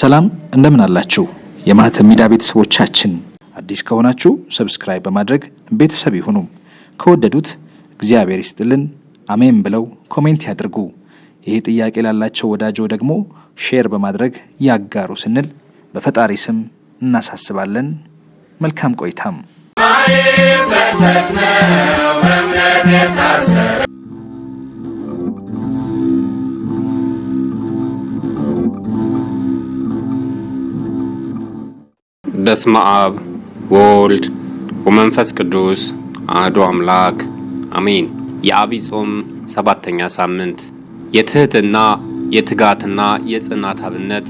ሰላም እንደምን አላችሁ? የማህተብ ሚዲያ ቤተሰቦቻችን አዲስ ከሆናችሁ ሰብስክራይብ በማድረግ ቤተሰብ ይሁኑ። ከወደዱት እግዚአብሔር ይስጥልን አሜን ብለው ኮሜንት ያድርጉ። ይህ ጥያቄ ላላቸው ወዳጆ ደግሞ ሼር በማድረግ ያጋሩ ስንል በፈጣሪ ስም እናሳስባለን። መልካም ቆይታም በስመ አብ ወወልድ ወመንፈስ ቅዱስ አሐዱ አምላክ አሜን። የዐቢይ ጾም ሰባተኛ ሳምንት የትህትና የትጋትና የጽናት አብነት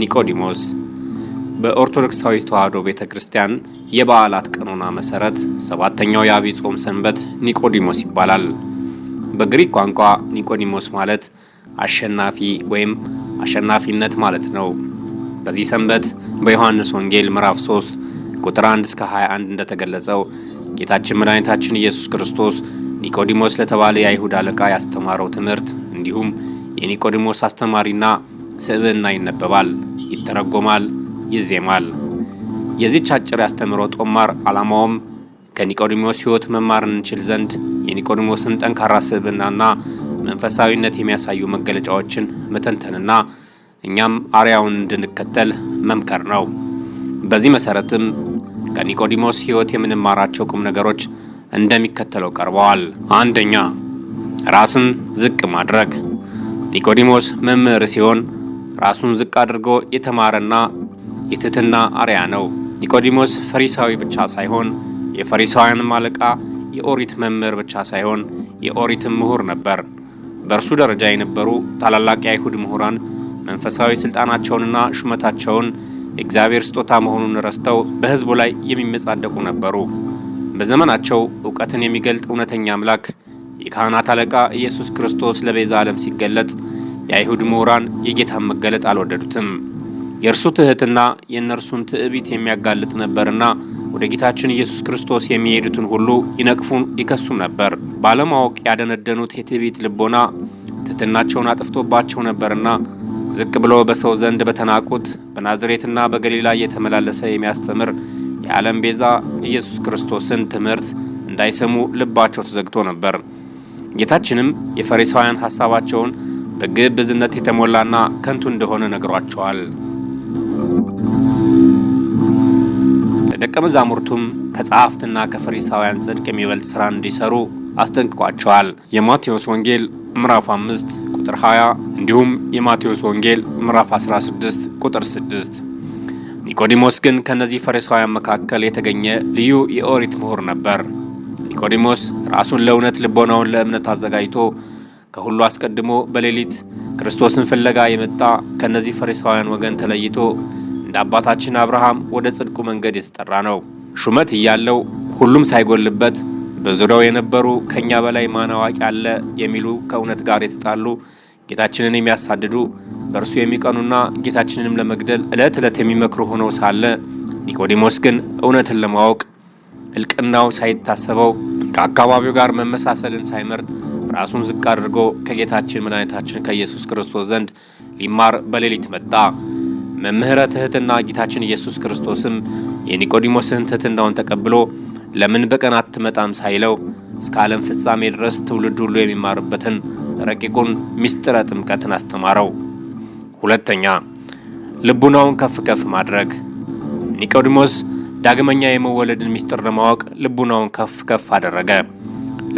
ኒቆዲሞስ። በኦርቶዶክሳዊ ተዋሕዶ ቤተ ክርስቲያን የበዓላት ቀኖና መሠረት ሰባተኛው የዐቢይ ጾም ሰንበት ኒቆዲሞስ ይባላል። በግሪክ ቋንቋ ኒቆዲሞስ ማለት አሸናፊ ወይም አሸናፊነት ማለት ነው። በዚህ ሰንበት በዮሐንስ ወንጌል ምዕራፍ 3 ቁጥር 1 እስከ 21 እንደተገለጸው ጌታችን መድኃኒታችን ኢየሱስ ክርስቶስ ኒቆዲሞስ ለተባለ የአይሁድ አለቃ ያስተማረው ትምህርት እንዲሁም የኒቆዲሞስ አስተማሪና ስብዕና ይነበባል፣ ይተረጎማል፣ ይዜማል። የዚች አጭር ያስተምሮ ጦማር ዓላማውም ከኒቆዲሞስ ሕይወት መማር እንችል ዘንድ የኒቆዲሞስን ጠንካራ ስብዕናና መንፈሳዊነት የሚያሳዩ መገለጫዎችን መተንተንና እኛም አርያውን እንድንከተል መምከር ነው። በዚህ መሰረትም ከኒቆዲሞስ ሕይወት የምንማራቸው ቁም ነገሮች እንደሚከተለው ቀርበዋል። አንደኛ ራስን ዝቅ ማድረግ። ኒቆዲሞስ መምህር ሲሆን ራሱን ዝቅ አድርጎ የተማረና የትህትና አርያ ነው። ኒቆዲሞስ ፈሪሳዊ ብቻ ሳይሆን የፈሪሳውያንም አለቃ፣ የኦሪት መምህር ብቻ ሳይሆን የኦሪትም ምሁር ነበር። በእርሱ ደረጃ የነበሩ ታላላቅ የአይሁድ ምሁራን መንፈሳዊ ስልጣናቸውንና ሹመታቸውን የእግዚአብሔር ስጦታ መሆኑን ረስተው በሕዝቡ ላይ የሚመጻደቁ ነበሩ። በዘመናቸው እውቀትን የሚገልጥ እውነተኛ አምላክ የካህናት አለቃ ኢየሱስ ክርስቶስ ለቤዛ ዓለም ሲገለጥ የአይሁድ ምሁራን የጌታን መገለጥ አልወደዱትም። የእርሱ ትሕትና የእነርሱን ትዕቢት የሚያጋልጥ ነበርና ወደ ጌታችን ኢየሱስ ክርስቶስ የሚሄዱትን ሁሉ ይነቅፉን፣ ይከሱም ነበር። ባለማወቅ ያደነደኑት የትዕቢት ልቦና ትሕትናቸውን አጥፍቶባቸው ነበርና ዝቅ ብሎ በሰው ዘንድ በተናቁት በናዝሬትና በገሊላ እየተመላለሰ የሚያስተምር የዓለም ቤዛ ኢየሱስ ክርስቶስን ትምህርት እንዳይሰሙ ልባቸው ተዘግቶ ነበር። ጌታችንም የፈሪሳውያን ሐሳባቸውን በግብዝነት የተሞላና ከንቱ እንደሆነ ነግሯቸዋል። ለደቀ መዛሙርቱም ከጸሐፍትና ከፈሪሳውያን ጽድቅ የሚበልጥ ሥራ እንዲሰሩ አስጠንቅቋቸዋል። የማቴዎስ ወንጌል ምዕራፍ 5 ቁጥር 20 እንዲሁም የማቴዎስ ወንጌል ምዕራፍ 16 ቁጥር 6። ኒቆዲሞስ ግን ከነዚህ ፈሪሳውያን መካከል የተገኘ ልዩ የኦሪት ምሁር ነበር። ኒቆዲሞስ ራሱን ለእውነት ልቦናውን ለእምነት አዘጋጅቶ ከሁሉ አስቀድሞ በሌሊት ክርስቶስን ፍለጋ የመጣ ከእነዚህ ፈሪሳውያን ወገን ተለይቶ እንደ አባታችን አብርሃም ወደ ጽድቁ መንገድ የተጠራ ነው። ሹመት እያለው ሁሉም ሳይጎልበት በዙሪያው የነበሩ ከእኛ በላይ ማን አዋቂ አለ የሚሉ ከእውነት ጋር የተጣሉ ጌታችንን የሚያሳድዱ በእርሱ የሚቀኑና ጌታችንንም ለመግደል ዕለት ዕለት የሚመክሩ ሆነው ሳለ ኒቆዲሞስ ግን እውነትን ለማወቅ እልቅናው ሳይታሰበው ከአካባቢው ጋር መመሳሰልን ሳይመርጥ ራሱን ዝቅ አድርጎ ከጌታችን መድኃኒታችን ከኢየሱስ ክርስቶስ ዘንድ ሊማር በሌሊት መጣ። መምህረ ትህትና ጌታችን ኢየሱስ ክርስቶስም የኒቆዲሞስን ትሕትናውን ተቀብሎ ለምን በቀን አትመጣም ሳይለው እስከ ዓለም ፍጻሜ ድረስ ትውልድ ሁሉ የሚማርበትን ረቂቁን ምስጢረ ጥምቀትን አስተማረው። ሁለተኛ ልቡናውን ከፍ ከፍ ማድረግ። ኒቆዲሞስ ዳግመኛ የመወለድን ምስጢር ለማወቅ ልቡናውን ከፍ ከፍ አደረገ።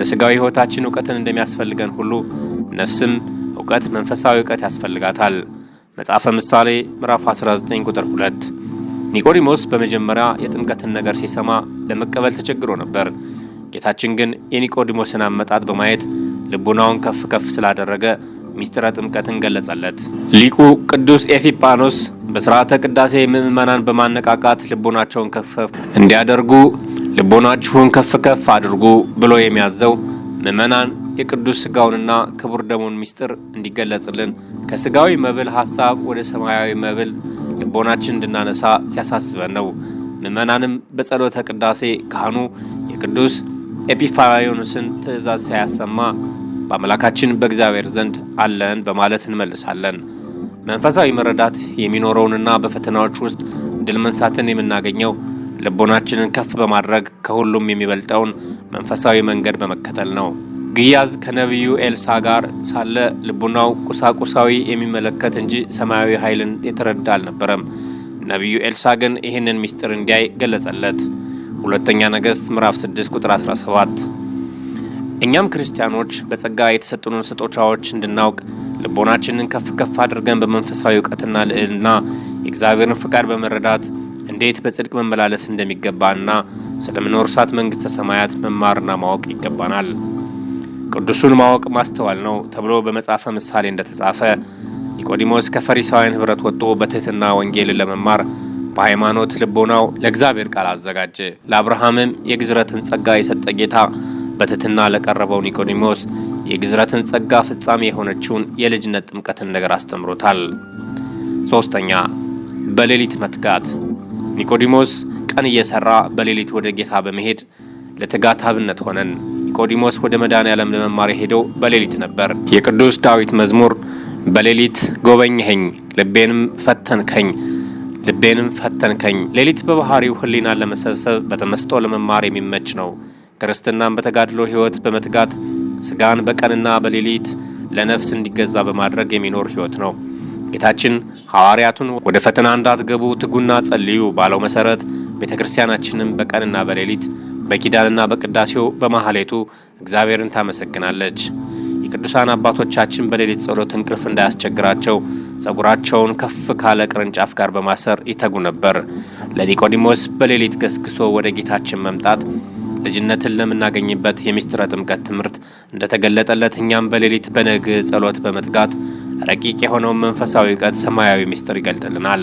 ለሥጋዊ ሕይወታችን እውቀትን እንደሚያስፈልገን ሁሉ ነፍስም እውቀት መንፈሳዊ እውቀት ያስፈልጋታል። መጽሐፈ ምሳሌ ምዕራፍ 19 ቁጥር 2 ኒቆዲሞስ በመጀመሪያ የጥምቀትን ነገር ሲሰማ ለመቀበል ተቸግሮ ነበር። ጌታችን ግን የኒቆዲሞስን አመጣጥ በማየት ልቡናውን ከፍ ከፍ ስላደረገ ሚስጢረ ጥምቀትን ገለጸለት። ሊቁ ቅዱስ ኤፊጳኖስ በስርዓተ ቅዳሴ ምዕመናን በማነቃቃት ልቦናቸውን ከፍ እንዲያደርጉ ልቦናችሁን ከፍ ከፍ አድርጉ ብሎ የሚያዘው ምዕመናን የቅዱስ ስጋውንና ክቡር ደሙን ሚስጥር እንዲገለጽልን ከስጋዊ መብል ሀሳብ ወደ ሰማያዊ መብል ልቦናችን እንድናነሳ ሲያሳስበን ነው። ምዕመናንም በጸሎተ ቅዳሴ ካህኑ የቅዱስ ኤጲፋንዮስን ትእዛዝ ሳያሰማ በአምላካችን በእግዚአብሔር ዘንድ አለን በማለት እንመልሳለን። መንፈሳዊ መረዳት የሚኖረውንና በፈተናዎች ውስጥ ድል መንሳትን የምናገኘው ልቦናችንን ከፍ በማድረግ ከሁሉም የሚበልጠውን መንፈሳዊ መንገድ በመከተል ነው። ግያዝ ከነቢዩ ኤልሳ ጋር ሳለ ልቡናው ቁሳቁሳዊ የሚመለከት እንጂ ሰማያዊ ኃይልን የተረዳ አልነበረም። ነቢዩ ኤልሳ ግን ይህንን ምስጢር እንዲያይ ገለጸለት። ሁለተኛ ነገሥት ምዕራፍ 6 ቁጥር 17። እኛም ክርስቲያኖች በጸጋ የተሰጡንን ስጦታዎች እንድናውቅ ልቦናችንን ከፍ ከፍ አድርገን በመንፈሳዊ እውቀትና ልዕልና የእግዚአብሔርን ፍቃድ በመረዳት እንዴት በጽድቅ መመላለስ እንደሚገባና ስለምኖር እሳት መንግሥተ ሰማያት መማርና ማወቅ ይገባናል። ቅዱሱን ማወቅ ማስተዋል ነው ተብሎ በመጽሐፈ ምሳሌ እንደተጻፈ ኒቆዲሞስ ከፈሪሳውያን ኅብረት ወጥቶ በትሕትና ወንጌልን ለመማር በሃይማኖት ልቦናው ለእግዚአብሔር ቃል አዘጋጀ። ለአብርሃምም የግዝረትን ጸጋ የሰጠ ጌታ በትሕትና ለቀረበው ኒቆዲሞስ የግዝረትን ጸጋ ፍጻሜ የሆነችውን የልጅነት ጥምቀትን ነገር አስተምሮታል። ሶስተኛ በሌሊት መትጋት። ኒቆዲሞስ ቀን እየሠራ በሌሊት ወደ ጌታ በመሄድ ለትጋት አብነት ሆነን ኒቆዲሞስ ወደ መድኃኔ ዓለም ለመማር የሄደው በሌሊት ነበር። የቅዱስ ዳዊት መዝሙር በሌሊት ጎበኘኸኝ፣ ልቤንም ፈተንከኝ ልቤንም ፈተንከኝ። ሌሊት በባህሪው ህሊናን ለመሰብሰብ በተመስጦ ለመማር የሚመች ነው። ክርስትናን በተጋድሎ ሕይወት በመትጋት ስጋን በቀንና በሌሊት ለነፍስ እንዲገዛ በማድረግ የሚኖር ሕይወት ነው። ጌታችን ሐዋርያቱን ወደ ፈተና እንዳትገቡ ትጉና ጸልዩ ባለው መሠረት ቤተ ክርስቲያናችንም በቀንና በሌሊት በኪዳንና በቅዳሴው በማህሌቱ እግዚአብሔርን ታመሰግናለች። የቅዱሳን አባቶቻችን በሌሊት ጸሎት እንቅልፍ እንዳያስቸግራቸው ጸጉራቸውን ከፍ ካለ ቅርንጫፍ ጋር በማሰር ይተጉ ነበር። ለኒቆዲሞስ በሌሊት ገስግሶ ወደ ጌታችን መምጣት ልጅነትን ለምናገኝበት የሚስጥረ ጥምቀት ትምህርት እንደተገለጠለት እኛም በሌሊት በነግ ጸሎት በመትጋት ረቂቅ የሆነውን መንፈሳዊ እውቀት ሰማያዊ ምስጢር ይገልጥልናል።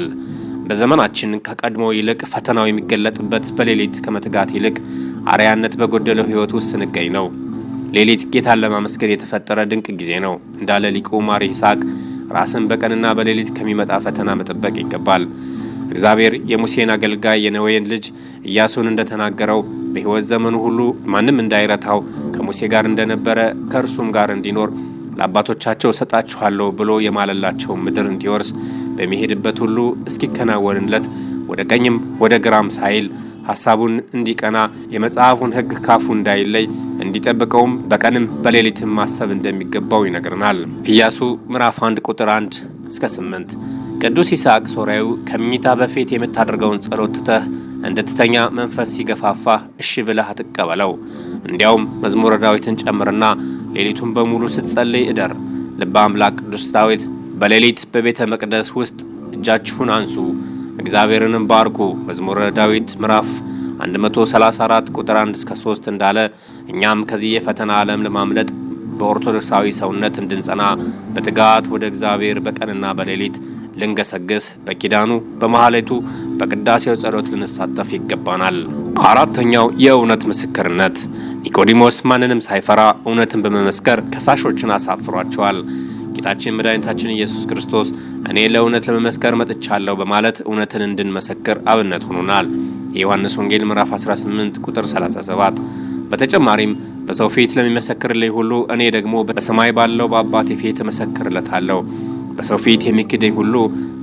በዘመናችን ከቀድሞ ይልቅ ፈተናው የሚገለጥበት በሌሊት ከመትጋት ይልቅ አርያነት በጎደለው ህይወት ውስጥ ስንገኝ ነው። ሌሊት ጌታን ለማመስገን የተፈጠረ ድንቅ ጊዜ ነው እንዳለ ሊቁ ማር ይስሐቅ፣ ራስን በቀንና በሌሊት ከሚመጣ ፈተና መጠበቅ ይገባል። እግዚአብሔር የሙሴን አገልጋይ የነዌን ልጅ ኢያሱን እንደተናገረው በሕይወት ዘመኑ ሁሉ ማንም እንዳይረታው ከሙሴ ጋር እንደነበረ ከእርሱም ጋር እንዲኖር ለአባቶቻቸው እሰጣችኋለሁ ብሎ የማለላቸውን ምድር እንዲወርስ በሚሄድበት ሁሉ እስኪከናወንለት ወደ ቀኝም ወደ ግራም ሳይል ሐሳቡን እንዲቀና የመጽሐፉን ሕግ ካፉ እንዳይለይ እንዲጠብቀውም በቀንም በሌሊትም ማሰብ እንደሚገባው ይነግርናል። ኢያሱ ምዕራፍ 1 ቁጥር 1 እስከ 8 ቅዱስ ይስሐቅ ሶርያዊ ከመኝታ በፊት የምታደርገውን ጸሎት ትተህ ትተኛ መንፈስ ሲገፋፋ እሺ ብለህ አትቀበለው። እንዲያውም መዝሙረ ዳዊትን ጨምርና ሌሊቱን በሙሉ ስትጸልይ እደር። ልበ አምላክ ቅዱስ ዳዊት በሌሊት በቤተ መቅደስ ውስጥ እጃችሁን አንሱ እግዚአብሔርንም ባርኩ። መዝሙረ ዳዊት ምዕራፍ 134 ቁጥር 1 እስከ 3 እንዳለ እኛም ከዚህ የፈተና ዓለም ለማምለጥ በኦርቶዶክሳዊ ሰውነት እንድንጸና በትጋት ወደ እግዚአብሔር በቀንና በሌሊት ልንገሰግስ በኪዳኑ በመሐሌቱ በቅዳሴው ጸሎት ልንሳተፍ ይገባናል። አራተኛው የእውነት ምስክርነት። ኒቆዲሞስ ማንንም ሳይፈራ እውነትን በመመስከር ከሳሾችን አሳፍሯቸዋል። ጌታችን መድኃኒታችን ኢየሱስ ክርስቶስ እኔ ለእውነት ለመመስከር መጥቻለሁ በማለት እውነትን እንድንመሰክር አብነት ሆኖናል። የዮሐንስ ወንጌል ምዕራፍ 18 ቁጥር 37። በተጨማሪም በሰው ፊት ለሚመሰክርልኝ ሁሉ እኔ ደግሞ በሰማይ ባለው በአባቴ ፊት እመሰክርለታለሁ በሰው ፊት የሚክደኝ ሁሉ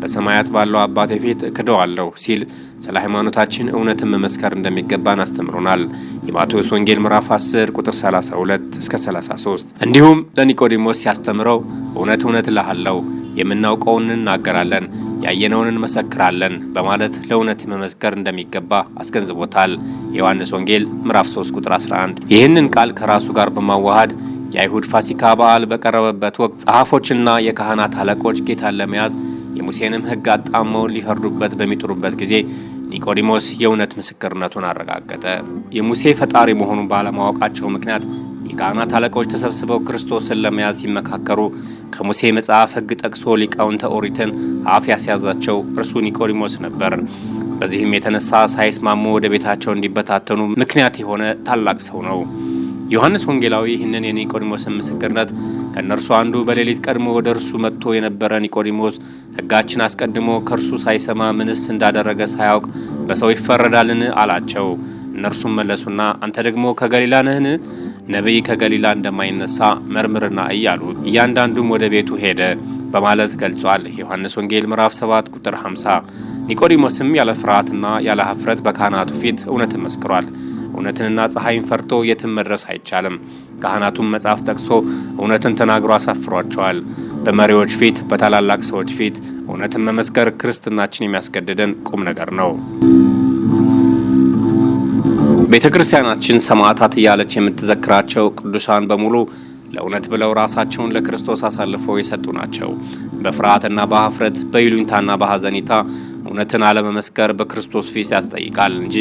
በሰማያት ባለው አባቴ ፊት እክደዋለሁ ሲል ስለ ሃይማኖታችን እውነትን መመስከር እንደሚገባን አስተምሮናል። የማቴዎስ ወንጌል ምዕራፍ 10 ቁጥር 32 እስከ 33። እንዲሁም ለኒቆዲሞስ ሲያስተምረው እውነት እውነት እልሃለሁ የምናውቀውን እንናገራለን፣ ያየነውን እንመሰክራለን በማለት ለእውነት መመስከር እንደሚገባ አስገንዝቦታል። የዮሐንስ ወንጌል ምዕራፍ 3 ቁጥር 11 ይህንን ቃል ከራሱ ጋር በማዋሃድ የአይሁድ ፋሲካ በዓል በቀረበበት ወቅት ጸሐፎችና የካህናት አለቆች ጌታን ለመያዝ የሙሴንም ሕግ አጣመው ሊፈርዱበት በሚጥሩበት ጊዜ ኒቆዲሞስ የእውነት ምስክርነቱን አረጋገጠ። የሙሴ ፈጣሪ መሆኑን ባለማወቃቸው ምክንያት የካህናት አለቆች ተሰብስበው ክርስቶስን ለመያዝ ሲመካከሩ ከሙሴ መጽሐፍ ሕግ ጠቅሶ ሊቃውንተ ኦሪትን አፍ ያስያዛቸው እርሱ ኒቆዲሞስ ነበር። በዚህም የተነሳ ሳይስማሙ ወደ ቤታቸው እንዲበታተኑ ምክንያት የሆነ ታላቅ ሰው ነው። ዮሐንስ ወንጌላዊ ይህንን የኒቆዲሞስን ምስክርነት ከእነርሱ አንዱ በሌሊት ቀድሞ ወደ እርሱ መጥቶ የነበረ ኒቆዲሞስ ሕጋችን አስቀድሞ ከእርሱ ሳይሰማ ምንስ እንዳደረገ ሳያውቅ በሰው ይፈረዳልን? አላቸው። እነርሱም መለሱና አንተ ደግሞ ከገሊላ ነህን? ነቢይ ከገሊላ እንደማይነሳ መርምርና እያሉ እያንዳንዱም ወደ ቤቱ ሄደ በማለት ገልጿል። ዮሐንስ ወንጌል ምዕራፍ 7 ቁጥር 50። ኒቆዲሞስም ያለ ፍርሃትና ያለ ሀፍረት በካህናቱ ፊት እውነትን መስክሯል። እውነትንና ፀሐይን ፈርቶ የትም መድረስ አይቻልም። ካህናቱም መጽሐፍ ጠቅሶ እውነትን ተናግሮ አሳፍሯቸዋል። በመሪዎች ፊት፣ በታላላቅ ሰዎች ፊት እውነትን መመስከር ክርስትናችን የሚያስገድደን ቁም ነገር ነው። ቤተ ክርስቲያናችን ሰማዕታት እያለች የምትዘክራቸው ቅዱሳን በሙሉ ለእውነት ብለው ራሳቸውን ለክርስቶስ አሳልፈው የሰጡ ናቸው። በፍርሃትና በሀፍረት በይሉኝታና በሐዘኔታ እውነትን አለመመስከር በክርስቶስ ፊት ያስጠይቃል እንጂ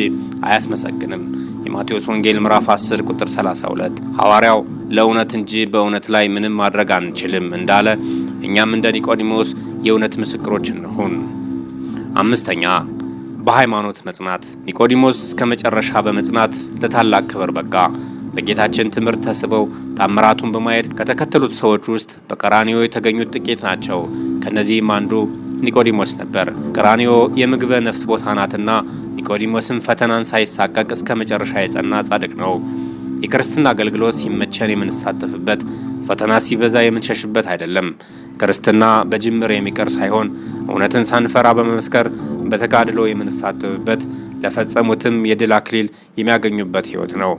አያስመሰግንም። የማቴዎስ ወንጌል ምዕራፍ 10 ቁጥር 32 ሐዋርያው ለእውነት እንጂ በእውነት ላይ ምንም ማድረግ አንችልም እንዳለ እኛም እንደ ኒቆዲሞስ የእውነት ምስክሮች እንሁን። አምስተኛ በሃይማኖት መጽናት። ኒቆዲሞስ እስከ መጨረሻ በመጽናት ለታላቅ ክብር በቃ። በጌታችን ትምህርት ተስበው ታምራቱን በማየት ከተከተሉት ሰዎች ውስጥ በቀራኒዮ የተገኙት ጥቂት ናቸው። ከእነዚህም አንዱ ኒቆዲሞስ ነበር። ቀራኒዮ የምግበ ነፍስ ቦታ ናትና ኒቆዲሞስን ፈተናን ሳይሳቀቅ እስከ መጨረሻ የጸና ጻድቅ ነው። የክርስትና አገልግሎት ሲመቸን የምንሳተፍበት፣ ፈተና ሲበዛ የምንሸሽበት አይደለም። ክርስትና በጅምር የሚቀር ሳይሆን እውነትን ሳንፈራ በመመስከር በተጋድሎ የምንሳተፍበት ለፈጸሙትም የድል አክሊል የሚያገኙበት ሕይወት ነው።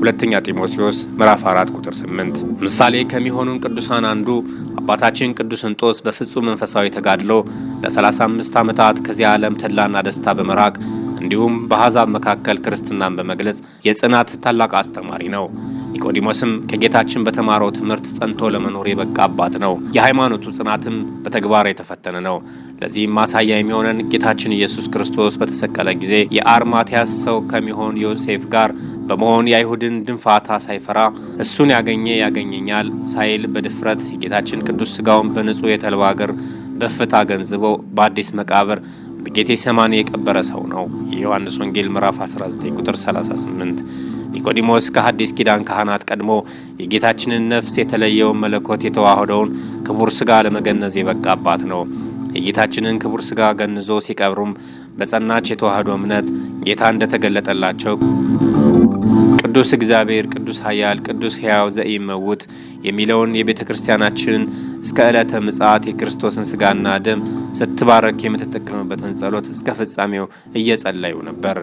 ሁለተኛ ጢሞቴዎስ ምዕራፍ 4 ቁጥር 8። ምሳሌ ከሚሆኑን ቅዱሳን አንዱ አባታችን ቅዱስ እንጦስ በፍጹም መንፈሳዊ ተጋድሎ ለ35 ዓመታት ከዚያ ዓለም ተድላና ደስታ በመራቅ እንዲሁም በአሕዛብ መካከል ክርስትናን በመግለጽ የጽናት ታላቅ አስተማሪ ነው። ኒቆዲሞስም ከጌታችን በተማረው ትምህርት ጸንቶ ለመኖር የበቃ አባት ነው። የሃይማኖቱ ጽናትም በተግባር የተፈተነ ነው። ለዚህም ማሳያ የሚሆነን ጌታችን ኢየሱስ ክርስቶስ በተሰቀለ ጊዜ የአርማትያስ ሰው ከሚሆን ዮሴፍ ጋር በመሆን የአይሁድን ድንፋታ ሳይፈራ እሱን ያገኘ ያገኘኛል ሳይል በድፍረት የጌታችን ቅዱስ ስጋውን በንጹሕ የተልባ እግር በፍታ ገንዝቦ በአዲስ መቃብር በጌቴ ሰማኒ የቀበረ ሰው ነው። የዮሐንስ ወንጌል ምዕራፍ 19 ቁጥር 38 ኒቆዲሞስ ከሐዲስ ኪዳን ካህናት ቀድሞ የጌታችንን ነፍስ የተለየውን መለኮት የተዋህደውን ክቡር ሥጋ ለመገነዝ የበቃባት ነው። የጌታችንን ክቡር ሥጋ ገንዞ ሲቀብሩም በጸናች የተዋህዶ እምነት ጌታ እንደተገለጠላቸው ቅዱስ እግዚአብሔር፣ ቅዱስ ኃያል፣ ቅዱስ ሕያው ዘኢመውት የሚለውን የቤተ ክርስቲያናችንን እስከ ዕለተ ምጽአት የክርስቶስን ሥጋና ደም ስትባረክ የምትጠቀምበትን ጸሎት እስከ ፍጻሜው እየጸለዩ ነበር።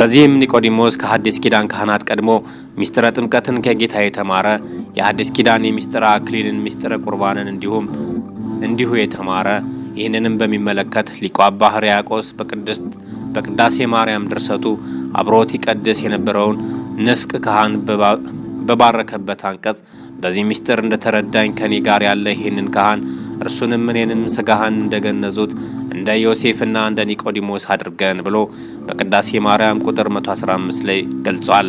በዚህም ኒቆዲሞስ ከሐዲስ ኪዳን ካህናት ቀድሞ ሚስጥረ ጥምቀትን ከጌታ የተማረ የሐዲስ ኪዳን የሚስጥረ አክሊልን፣ ሚስጥረ ቁርባንን እንዲሁም እንዲሁ የተማረ ይህንንም በሚመለከት ሊቋ አባ ሕርያቆስ በቅዳሴ ማርያም ድርሰቱ አብሮት ይቀድስ የነበረውን ንፍቅ ካህን በባረከበት አንቀጽ በዚህ ሚስጥር እንደተረዳኝ ከኔ ጋር ያለ ይህንን ካህን እርሱንም እኔንም ሥጋህን እንደገነዙት እንደ ዮሴፍና እንደ ኒቆዲሞስ አድርገን ብሎ በቅዳሴ ማርያም ቁጥር 115 ላይ ገልጿል።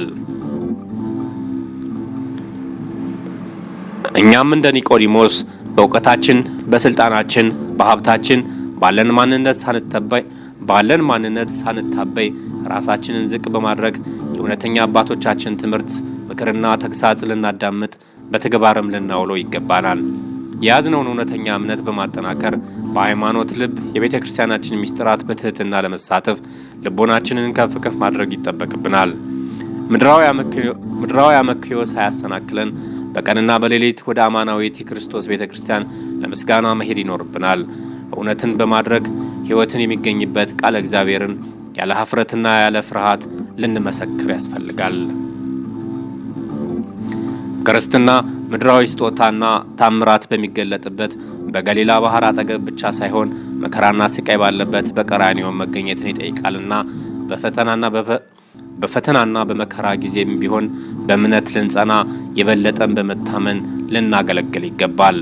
እኛም እንደ ኒቆዲሞስ በእውቀታችን፣ በስልጣናችን፣ በሀብታችን ባለን ማንነት ሳንተባይ ባለን ማንነት ሳንታበይ ራሳችንን ዝቅ በማድረግ የእውነተኛ አባቶቻችን ትምህርት ምክርና ተግሳጽ ልናዳምጥ በተግባርም ልናውለው ይገባናል። የያዝነውን እውነተኛ እምነት በማጠናከር በሃይማኖት ልብ የቤተ ክርስቲያናችን ምስጢራት በትህትና ለመሳተፍ ልቦናችንን ከፍ ከፍ ማድረግ ይጠበቅብናል። ምድራዊ አመክዮ ሳያሰናክለን በቀንና በሌሊት ወደ አማናዊት የክርስቶስ ቤተ ክርስቲያን ለምስጋና መሄድ ይኖርብናል። እውነትን በማድረግ ሕይወትን የሚገኝበት ቃለ እግዚአብሔርን ያለ ሀፍረትና ያለ ፍርሃት ልንመሰክር ያስፈልጋል። ክርስትና ምድራዊ ስጦታና ታምራት በሚገለጥበት በገሊላ ባህር አጠገብ ብቻ ሳይሆን መከራና ስቃይ ባለበት በቀራንዮም መገኘትን ይጠይቃልና በፈተናና በፈተናና በመከራ ጊዜም ቢሆን በእምነት ልንጸና የበለጠን በመታመን ልናገለግል ይገባል።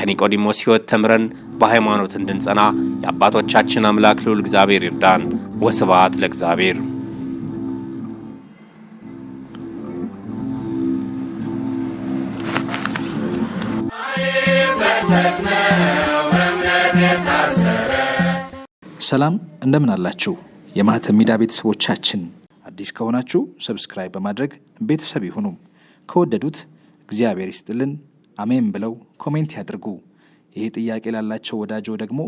ከኒቆዲሞስ ሕይወት ተምረን በሃይማኖት እንድንጸና የአባቶቻችን አምላክ ልዑል እግዚአብሔር ይርዳን። ወስብሐት ለእግዚአብሔር። ሰላም እንደምን አላችሁ? የማህተብ ሚዲያ ቤተሰቦቻችን አዲስ ከሆናችሁ ሰብስክራይብ በማድረግ ቤተሰብ ይሁኑ። ከወደዱት እግዚአብሔር ይስጥልን አሜን ብለው ኮሜንት ያድርጉ። ይህ ጥያቄ ላላቸው ወዳጆ ደግሞ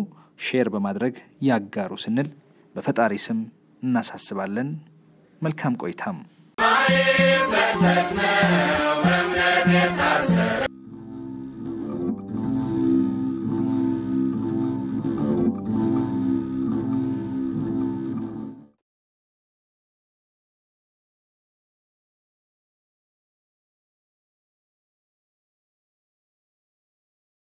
ሼር በማድረግ ያጋሩ ስንል በፈጣሪ ስም እናሳስባለን። መልካም ቆይታም